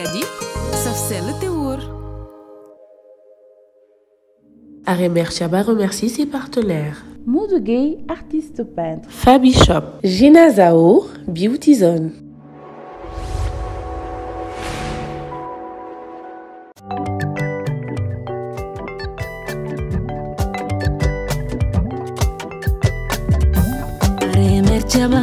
kat saf Chaba remercie ses partenaires. Modou Gay, artiste peintre. Fabi Shop. Gina Zao, Beauty Zone. Chaba.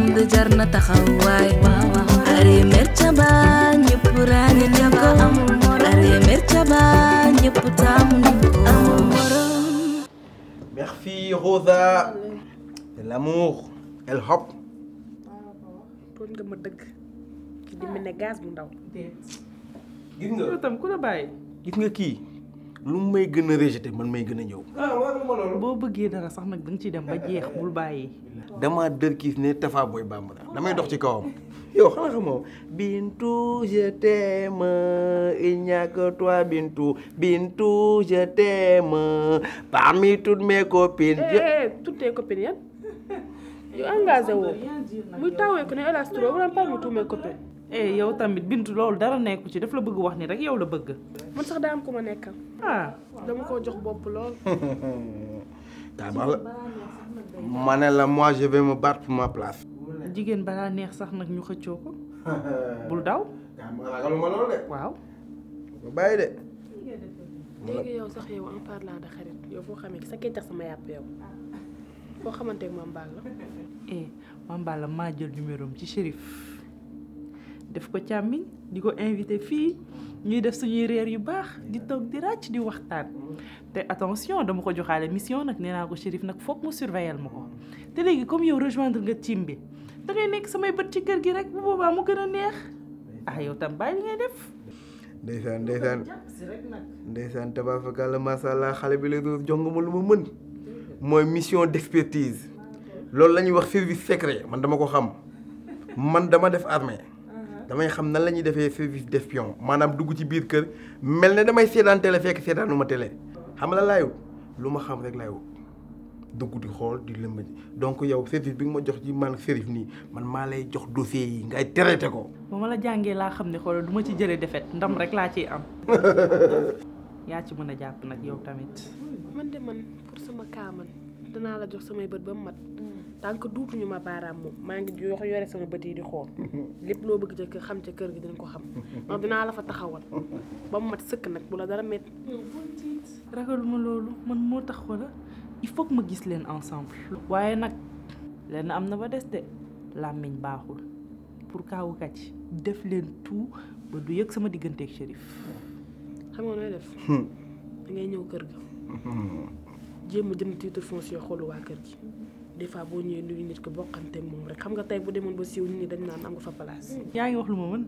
bi jar na taxaw waay are mer ca ba ñëpp ràññe na ko are mer ca ba ñëpp taamu na ko amul morom merci Rosa de El Hop pour nga ma dëgg ki di mel bu ndaw gis nga kii lu may gën a rejeté man may gën a ñëw ah, loolu boo bëggee dara sax nag da ci ciy dem ba jeex bul bàyyi. dama dërkiis ne Tafa Boy Bambara damay dox ci kawam. yow xanaa xamoo Bintu je t'aime il n'y a que toi Bintu Bintu je t'aime parmi toutes mes copines. Eh, eh, toutes tes copines yan yow engagé woo muy tawee ko ne El Hadj Touré wala parmi toutes mes copines. eh yow tamit bintu loolu dara nekku ci daf la bëgg wax ni rek yow la bëgg. man sax daa am ku ma nekkal. ah dama koo jox bopp la ma ne la moi je jigéen balaa neex sax nag ñu xëccoo ko. bul daw. ragaluma loolu de. waaw. bàyyi eh, maa jël numéro ci Chérif. def ko càmmiñ di ko invité fii ñuy def suñuy reer yu baax di toog di ràcc di waxtaan te attention dama ko joxaale mission nag nee naa ko Chérif nag foog mu surveiller ma ko te léegi comme yow rejoindre nga team bi da ngay nekk samay bët ci kër gi rek bu boobaa mu gën a neex ah yow tam bàyyi li ngay def. ndeysaan ndeysaan ndeysaan tabaarakalla macha allah xale bi la doon jong ma lu ma mën mooy mission d'expertise loolu la ñuy wax service secret man dama ko xam man dama def armée. damay xam nan la ñuy defee service d' espion maanaam dugg ci biir kër mel na damay seetaan télé fekk seetaanu ma télé xam la laay lu ma xam rek laay wut dugg di xool di lëmb donc yow service bi nga ma jox ci man Serif nii man maa lay jox dossier yi ngay traité ko. ba ma la jàngee laa xam ne xoolal du ma ci jëlee defet ndam rek laa ciy am. yaa ci mën a jàpp nag yow tamit. man de man pour sama kaa danaa la jox samay bët ba mu mat mm. tant que duutuñu ma baaraam moom maa ngi jox yore sama bët yi di xool lépp loo bëgg ca kër xam ca kër gi dañ ko xam ndax dinaa la fa taxawal ba mu mat sëkk nag bu la dara métti ragaluma loolu man moo tax wala il faut ma gis leen ensemble waaye nag lenn am na ba des de làmmiñ baaxul pour kaawu kàcc def leen tout ba du yëg sama diggante Chérif xam nga nooy def hmm. da ngay ñëw kër ga hmm. jéem a jënd titre foncier xoolu waa kër gi des fois boo ñëwee nuyu nit ko bokkante moom rek xam nga tey bu demoon ba siiw nit ñi dañ naan am nga fa place. yaa ngi wax lu ma mën.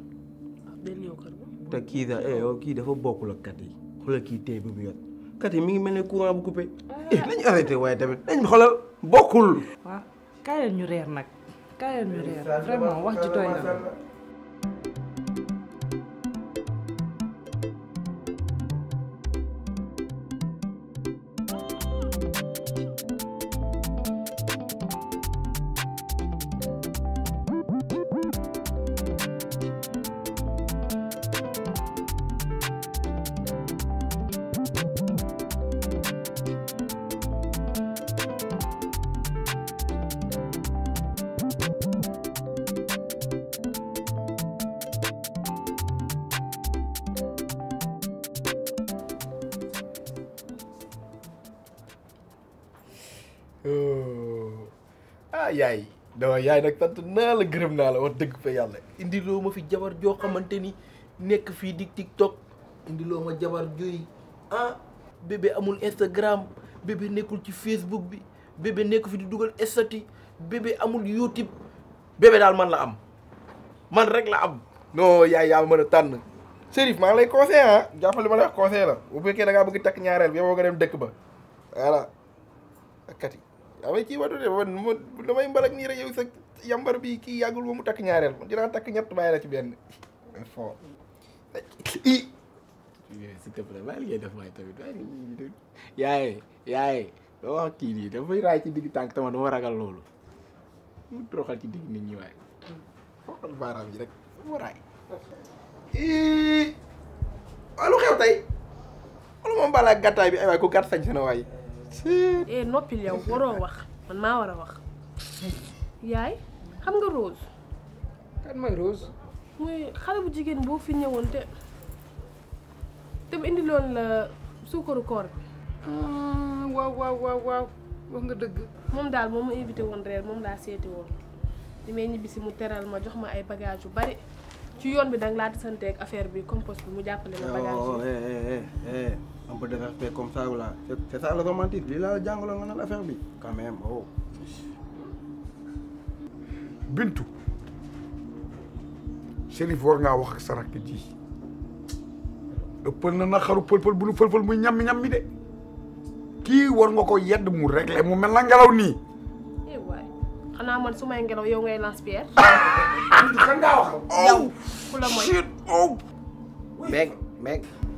waaw den ñëw kër te kii da eh, kii dafa bokkul ak kat yi xoolal kii tey bi mu yor kat yi mi ngi mel ne courant bu coupé. Eh, ah. nañu arrêté waaye tamit nañu xoolal bokkul. waaw kaay leen ñu reer nag kaay leen ñu reer vraiment wax ji doy na. yaay dama yaay nak sant na la gërem na la wax deug fa indi lo ma fi jabar jo xamanteni nek fi dik tiktok indi lo ma jabar joy ah bébé amul instagram bébé nekul ci facebook bi bébé nek fi di duggal estati bébé amul youtube bébé dal man la am man rek la am no yaay ya mën a serif Chérif lay conseil ah jàppale ma lay conseil la bu fekke da nga bëgg tak ñaarel bi yow nga dem dekk ba voilà akati away ci waduh, de man damay mbalak nii rek yow sa yambar bi ki yagul bu mu tak ñaarel man dinaa takk ñett la ci benn fo i ya, s'il te plaît bàyyi ngay def may tamit bàyyi yaaye yaaye doo wax kii nii dafay raay ci digg tànk tama dama ragal loolu mu troxal ci digg nit ñi waaye fokkal baaraam ji rek mu raay i alu xew tey alu moom balaa gàttaay bi ay waay ku gàtt sañ sana waay eh noppil yow waroo wax man maa war a wax yaay xam nga Rose kan mooy Rose mooy xale bu jigéen boo fi ñëwoon te te bu indiloon la suukaru koor bi ah, nga dëgg moom daal moom ma invité woon reer moom laa seeti woon li may ñibbisi mu teral ma jox ma ay bagage yu bari ci yoon bi danga laa di santeeg affaire bi compost bi mu jàppale ma bagage yi oh, eh, eh, eh, un peu de respect comme ça ou là. C'est ça le romantisme. Il a le jungle dans l'affaire, quand même. Oh. Bintou, Chérif voir ngaa wax ak sa rakk ji ëppal na naxaru pol pël bu nu fël-fël muy ñammi-ñammi de kii war nga ko yedd mu réglé mu mel na ngelaw nii. eh waay kan semua man su may ngelaw yow ngay lance pierre. bintu kan ngaa wax. Oh, oh. Meg, Meg.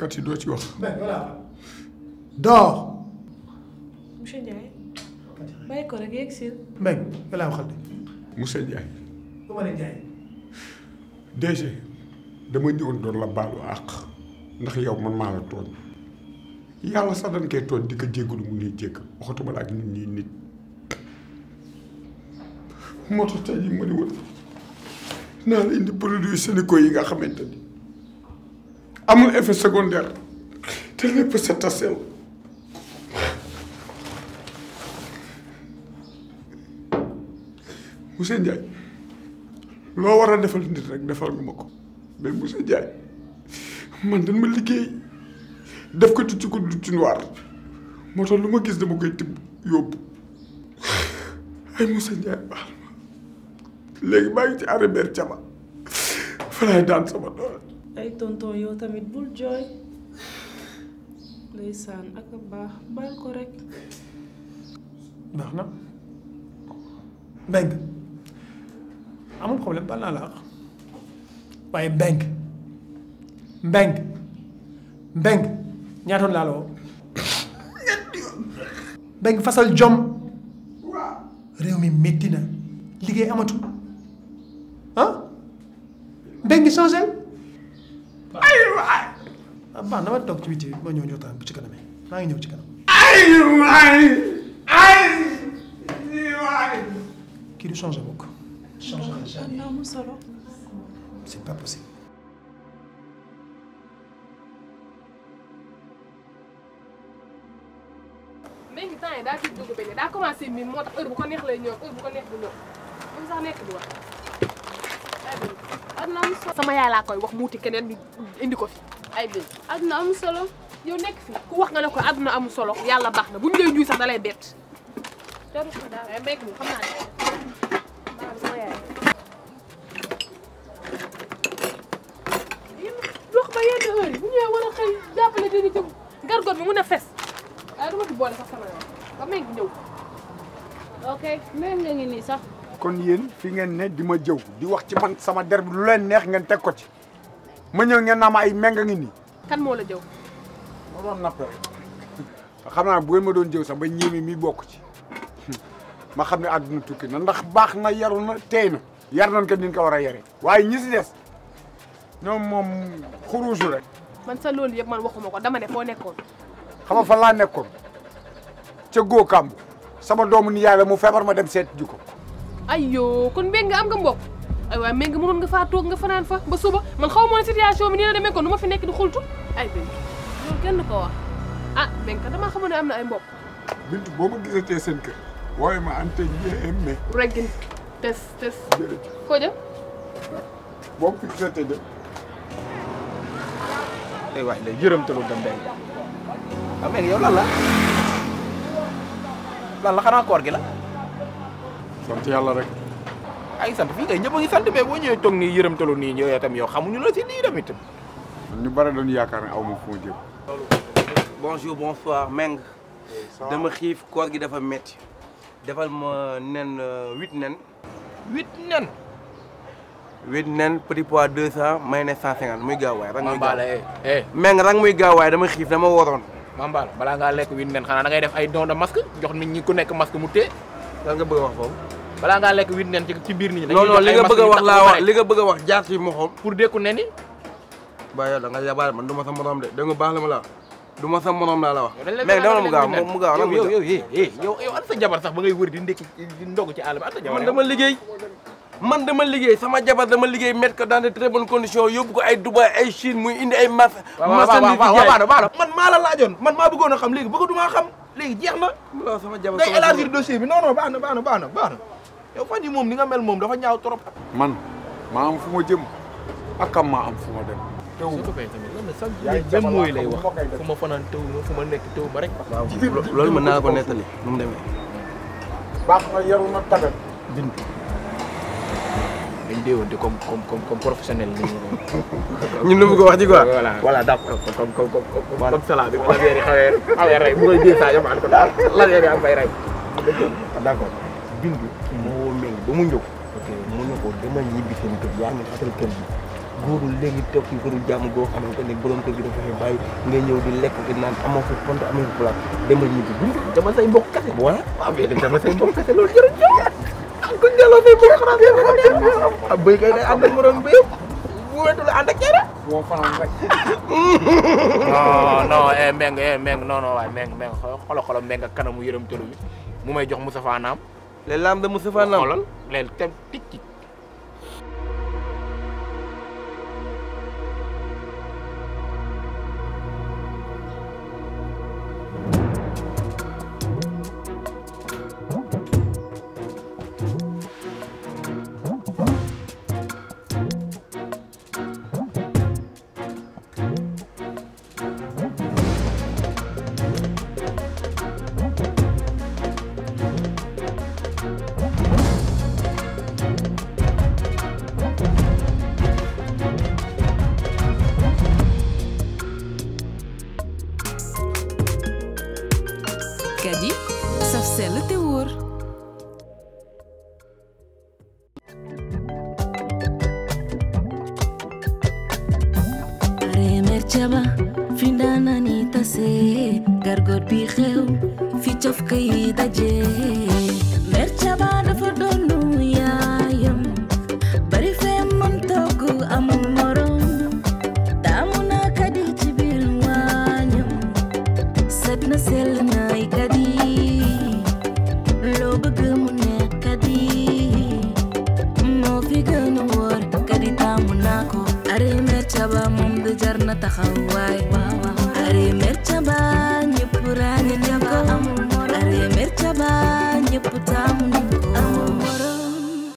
kat yi tu ci wax. door. monsieur Ndiaye. bàyyi ko rek yegg si. Ben de. monsieur Ndiaye. bu ne Déjà, je dama la bal àq ndax yow man je la tooñ di ko mu la nit ñi nit moo tax tey tu la indi yi nga amul effet secondaire te lépp sa tasew monsieur Ndiaye loo war a defal nit rek defal nga ma ko mais monsieur Ndiaye man dañ liggéey def ko ci ko du noir moo tax lu ma gis dama koy tibb yóbbu ay monsieur Ndiaye baal léegi maa ngi ci arrêt Bercama fa laay daan sama doole. ay ton yow tamit bul joy ndeysaan ak baax baal ko rek baax na benk amul problème baal naa la ak waaye benk benk benk ñaatoon laa la woo benk fasal jom réew mi métti na liggéey amatul ah hein? benk changé ah baax na ma toog bi ma ñëw ñu bu ci kanamee maa ngi ñëw ci kanam. ay waay ay waay. kii du changé bokk. changé na solo. c'est pas possible. léegi temps yi daa ciy dugg ba daa commencé miin moo tax heure bu du wax. sama yaay laa koy keneen indi ko ay bés adduna amul solo yow nekk fi ku wax nga ne ko àdduna amul solo yàlla baax na buñ lay juy sax dalay bett. Eh, dox ba yenn heure yi bu ñëwee war a xëy jàppale dina jëm gargot bi mun a fes eh, ba may ngi ñëw. ok mel nga ngi nii sax. kon yéen fi ngeen ne di ma jëw di wax ci man sama der bi lu leen neex ngeen teg ko ci. ma ñew ngeen naa ma ay meng kan ngi ni kan mo la jëw. ma doon nappé xamna bu ngeen ma doon jëw sax ba ñëmi mi bokk ci ma xamni aduna tukki na ndax bax na yaru na tey yar nañ ko ni ko wara yare ñi ci dess ñom mom xuruusu rek. man sa lool yëpp man waxuma ko dama ne fo nekkon xama fa la nekkon ci go kam sama doomu ni yaala mu febar ma dem seet juko ayyo kon mbéy nga am nga mbokk. ay waay mais nga mënoon nga faa toog nga fanaan fa ba suba man xaw ma situation bi nii la demee kon du ma fi nekk di xultu ay bintu loolu kenn du ah ne am na ay mbokk. bintu boo ma gisatee seen kër waaye ma ante njéemé. reggin tes tes. jërëjëf koo jëm. boo ma de. ay de yërëmtalu dem benn waaw mais yow lan la xanaa koor gi la. sant yàlla rek. ay sant fi ngay ñepp a ngi sant mais boo ñëwee toog nii yërëmtalu nii ñëw itam yow ñu la si nii tamit. ñu bari doon yaakar ne aw ma fu jëm. bonjour bonsoir Meng. dama xif koor gi dafa metti defal ma nen 8 euh, nen. 8 nen. huit nen petit pois 200 mayne 150 muy gaway rang muy gaway eh, eh. Meng rang muy gaway dama xif dama woron Mambal bala nga lek huit nen xana da ngay def ay don de masque jox nit ñi ku nek masque mu té lan nga bëgg a wax foofu balaa ngaa lekk wit nen ci biir nit non non li nga bëgg wax laa wax li nga bëgg wax jaar ci moxom pour dékku nen yi bàyyi nga yabaale man du sa morom de da nga baax la ma la du sa morom laa la wax mais dama mu gaaw mu gaaw yow yow yow yow an sa jabar sax ba ngay wër di ndekki di ndog ci àll an sa jabar man dama liggéey man dama liggéey sama jabar dama liggéey mettre ko dans de très bonnes conditions yóbbu ko ay Dubaï ay Chine muy indi ay marché marchandise man maa la laajoon man maa bëggoon xam léegi bëgg xam léegi jeex na. loolu sama jabar day élargir dossier bi non non baax na baax na baax na baax na yow fan moom ni nga mel moom dafa ñaaw trop. man maa am fu ma jëm ak kam maa am fu ma dem. teew su ko fay tamit lan la sax benn mooy lay wax fu ma fanaan teew ma fu ma nekk teew ma rek. waaw loolu mën naa la ko nettali nu mu demee. baax na comme déwante comme comme comme professionnel ñun lu bëgg wax ji quoi. voilà voilà d' accord comme comme comme comme salade bi ma la weeri xawee xawee rey bu koy jéem saa yëpp ànd ko daal la weeri am bay rey. d' accord bindu. moo mel ba mu ñëw. ok mu ne ko dama ñibbi seen kër yaa ngi asal kër gi. góor léegi toog ci këru jàmm goo xamante ne borom kër gi dafa fi bàyyi nga ñëw di lekk di naan amoo fi fond amoo fi place demal ñibbi bindu. dama say mbokk kese. voilà waaw mais dama say mbokk kese loolu jërëjëf. kon delloo say mbokk xanaa bëy kay day ànd ak moroom bëy bu la ànd ak cere. woo fanaan rek. non non eh Mbengue eh Mbengue non non waaye Mbengue Mbengue xoolal xoolal kanamu yërëm mu may jox Moustapha Naam. les lames de Moustapha Naam xoolal tem tik tik. Кади со вселе теур. Are mergea la